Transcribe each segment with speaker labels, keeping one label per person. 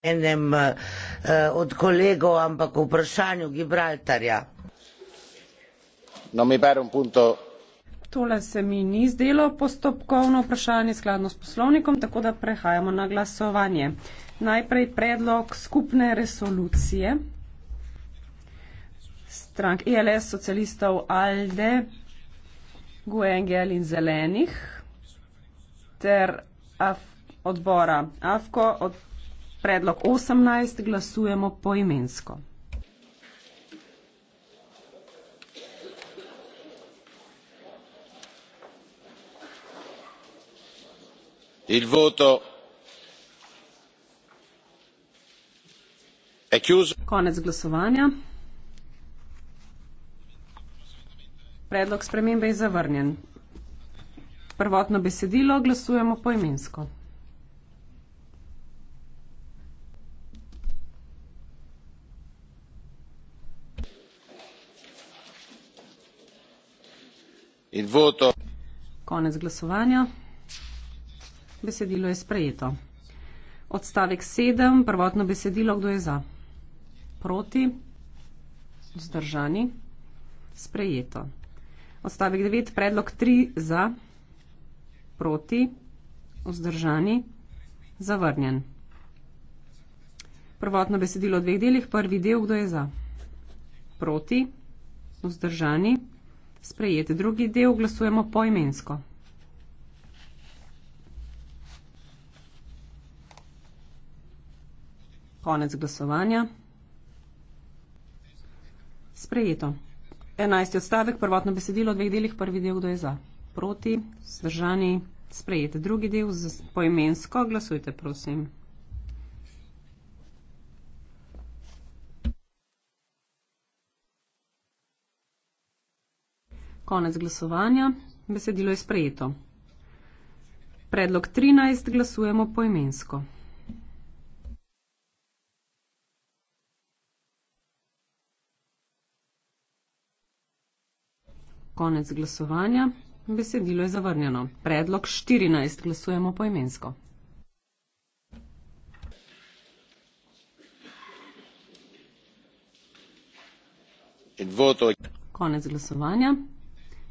Speaker 1: enem eh, eh, od kolegov, ampak o vprašanju Gibraltarja. No, mi berem punto. Tole se mi ni zdelo postopkovno vprašanje skladno s poslovnikom, tako da prehajamo na glasovanje. Najprej predlog skupne resolucije strank ILS, e socialistov ALDE, GUENGEL in Zelenih ter af, odbora AFKO, od, Predlog 18 glasujemo poimensko. Il voto è chiuso. Konec glasovanja. Predlog spremembe je zavrnjen. Prvotno besedilo glasujemo poimensko. imensko. konec glasovanja besedilo je sprejeto odstavek sedem prvotno besedilo kdo je za proti vzdržani sprejeto odstavek devet predlog tri za proti vzdržani zavrnjen prvotno besedilo v dveh delih prvi del kdo je za proti vzdržani sprejet drugi del, glasujemo poimensko. Konec glasovanja. Sprejeto. Enajsti odstavek, prvotno besedilo, dveh delih, prvi del, kdo je za. Proti, zdržani, sprejete drugi del, poimensko glasujte, prosim. Konec glasovanja. Besedilo je sprejeto. Predlog 13 glasujemo poimensko. Konec glasovanja. Besedilo je zavrnjeno. Predlog 14 glasujemo poimensko. Konec glasovanja.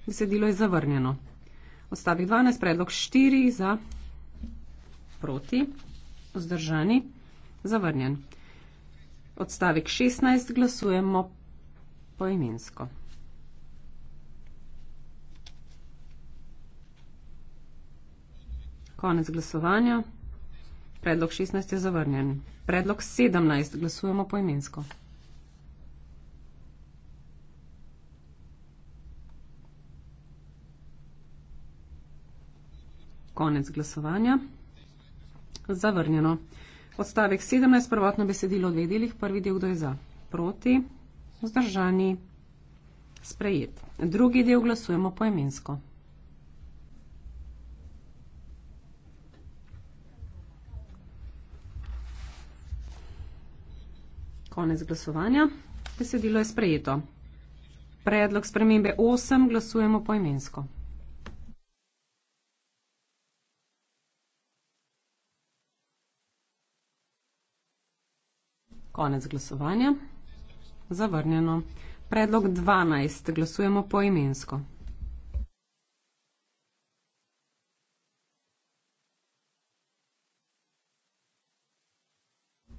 Speaker 1: Besedilo je zavrnjeno. Odstavek 12, predlog 4 za proti, vzdržani, zavrnjen. Odstavek 16 glasujemo poimensko. Konec glasovanja. Predlog 16 je zavrnjen. Predlog 17 glasujemo poimensko. Konec glasovanja. Zavrnjeno. Odstavek 17, prvotno besedilo o dveh delih, prvi del, kdo je za. Proti, vzdržani, sprejet. Drugi del glasujemo poemensko. Konec glasovanja. Besedilo je sprejeto. Predlog spremembe 8 glasujemo poemensko. Konec glasovanja. Zavrnjeno. Predlog 12. Glasujemo poimensko.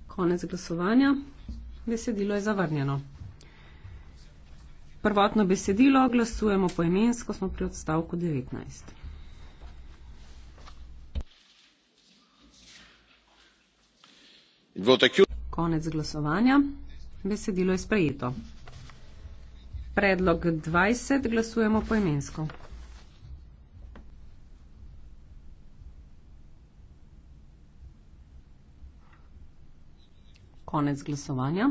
Speaker 1: Konec glasovanja. Besedilo je zavrnjeno. Prvotno besedilo glasujemo poimensko, smo pri odstavku 19. Votacchio konec glasovanja. Besedilo je sprejeto. Predlog 20 glasujemo poimensko. Konec glasovanja.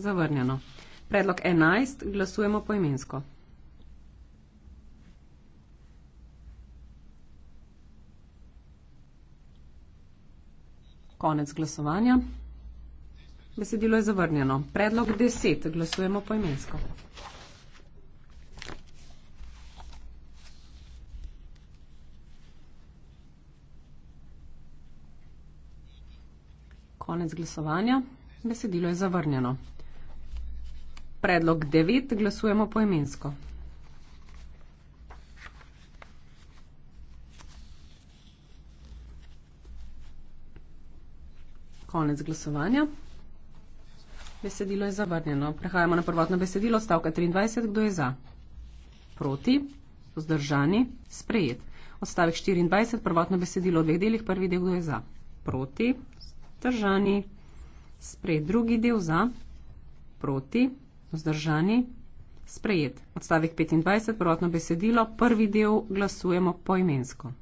Speaker 1: Zavrnjeno. Predlog 11 glasujemo poimensko. Konec glasovanja. Besedilo je zavrnjeno. Predlog deset. Glasujemo poimensko. Konec glasovanja. Besedilo je zavrnjeno. Predlog devet. Glasujemo poimensko. Konec glasovanja. Besedilo je zavrnjeno. Prehajamo na prvotno besedilo stavka 23. Kdo je za? Proti? Vzdržani? Sprejet. Odstavek 24. Prvotno besedilo v dveh delih. Prvi del, kdo je za? Proti? Vzdržani? Sprejet. Drugi del za? Proti? Vzdržani? Sprejet. Odstavek 25. Prvotno besedilo. Prvi del glasujemo poimensko.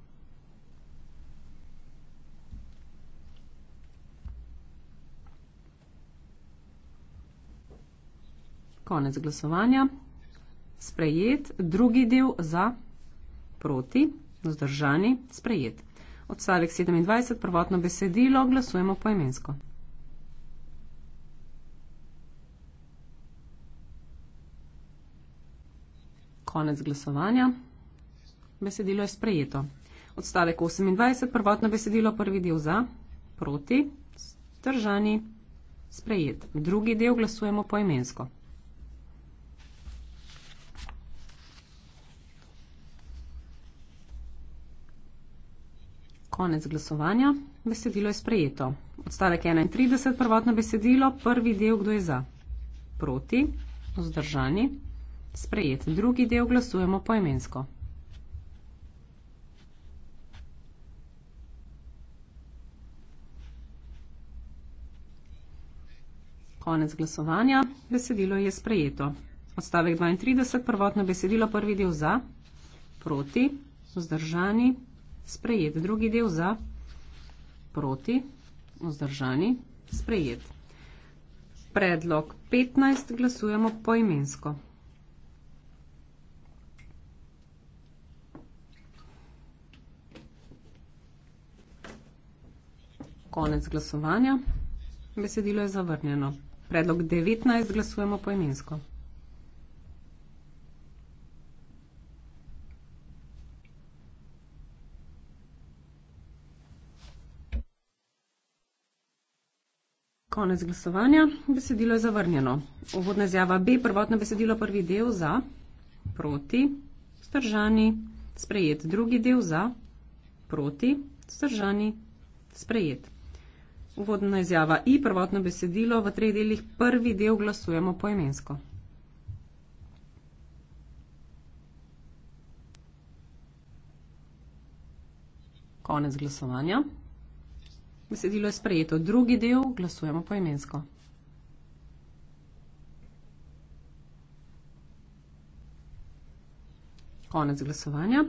Speaker 1: Konec glasovanja. Sprejet. Drugi del za, proti, vzdržani. Sprejet. Odstavek 27, prvotno besedilo, glasujemo poemensko. Konec glasovanja. Besedilo je sprejeto. Odstavek 28, prvotno besedilo, prvi del za, proti, vzdržani. Sprejet. Drugi del glasujemo poemensko. konec glasovanja. Besedilo je sprejeto. Odstavek 31, prvotno besedilo, prvi del, kdo je za, proti, vzdržani, sprejet. Drugi del glasujemo poemensko. Konec glasovanja. Besedilo je sprejeto. Odstavek 32, prvotno besedilo, prvi del za, proti, vzdržani, sprejet sprejet. Drugi del za proti, vzdržani, sprejet. Predlog 15 glasujemo poimensko. Konec glasovanja. Besedilo je zavrnjeno. Predlog 19 glasujemo poimensko. imensko. Konec glasovanja. Besedilo je zavrnjeno. Uvodna izjava B, prvotno besedilo, prvi del za, proti, stržani, sprejet. Drugi del za, proti, stržani, sprejet. Uvodna izjava I, prvotno besedilo, v treh delih prvi del glasujemo poemensko. Konec glasovanja. Besedilo je sprejeto. Drugi del glasujemo poimensko. Konec glasovanja.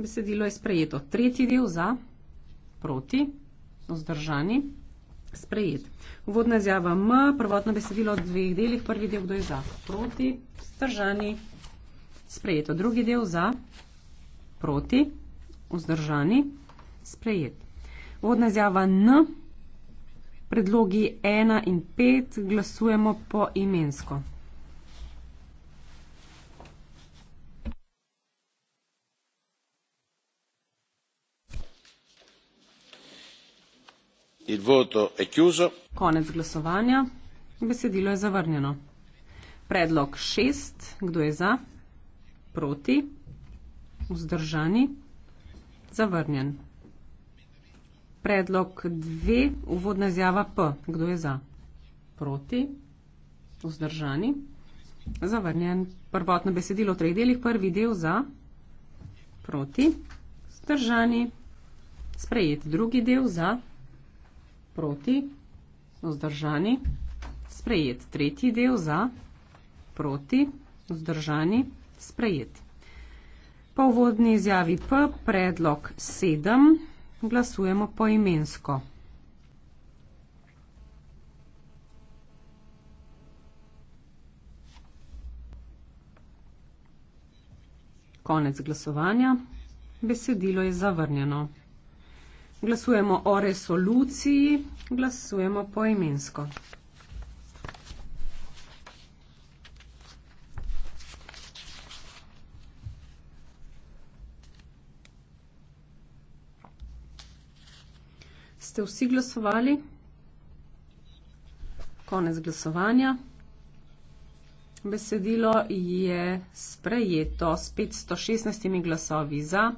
Speaker 1: Besedilo je sprejeto. Tretji del za, proti, vzdržani, sprejet. Uvodna izjava M, prvotno besedilo v dveh delih, prvi del kdo je za, proti, vzdržani, sprejeto. Drugi del za, proti, vzdržani, sprejet. Vodna izjava N, predlogi 1 in 5, glasujemo po imensko. Il voto è chiuso. Konec glasovanja. Besedilo je zavrnjeno. Predlog šest. Kdo je za? Proti? Vzdržani? Zavrnjen predlog dve, uvodna izjava P. Kdo je za? Proti? Vzdržani? Zavrnjen. Prvotno besedilo v treh delih, prvi del za? Proti? Vzdržani? Sprejet. Drugi del za? Proti? Vzdržani? Sprejet. Tretji del za? Proti? Vzdržani? Sprejet. Po uvodni izjavi P predlog sedem glasujemo poimensko. Konec glasovanja. Besedilo je zavrnjeno. Glasujemo o resoluciji, glasujemo poimensko. ste vsi glasovali? Konec glasovanja. Besedilo je sprejeto s 516 glasovi za.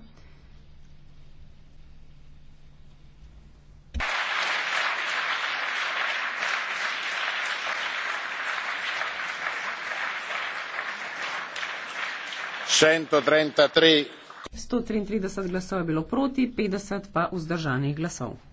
Speaker 1: Sto trinajst glasov je bilo proti, petdeset pa vzdržanih glasov.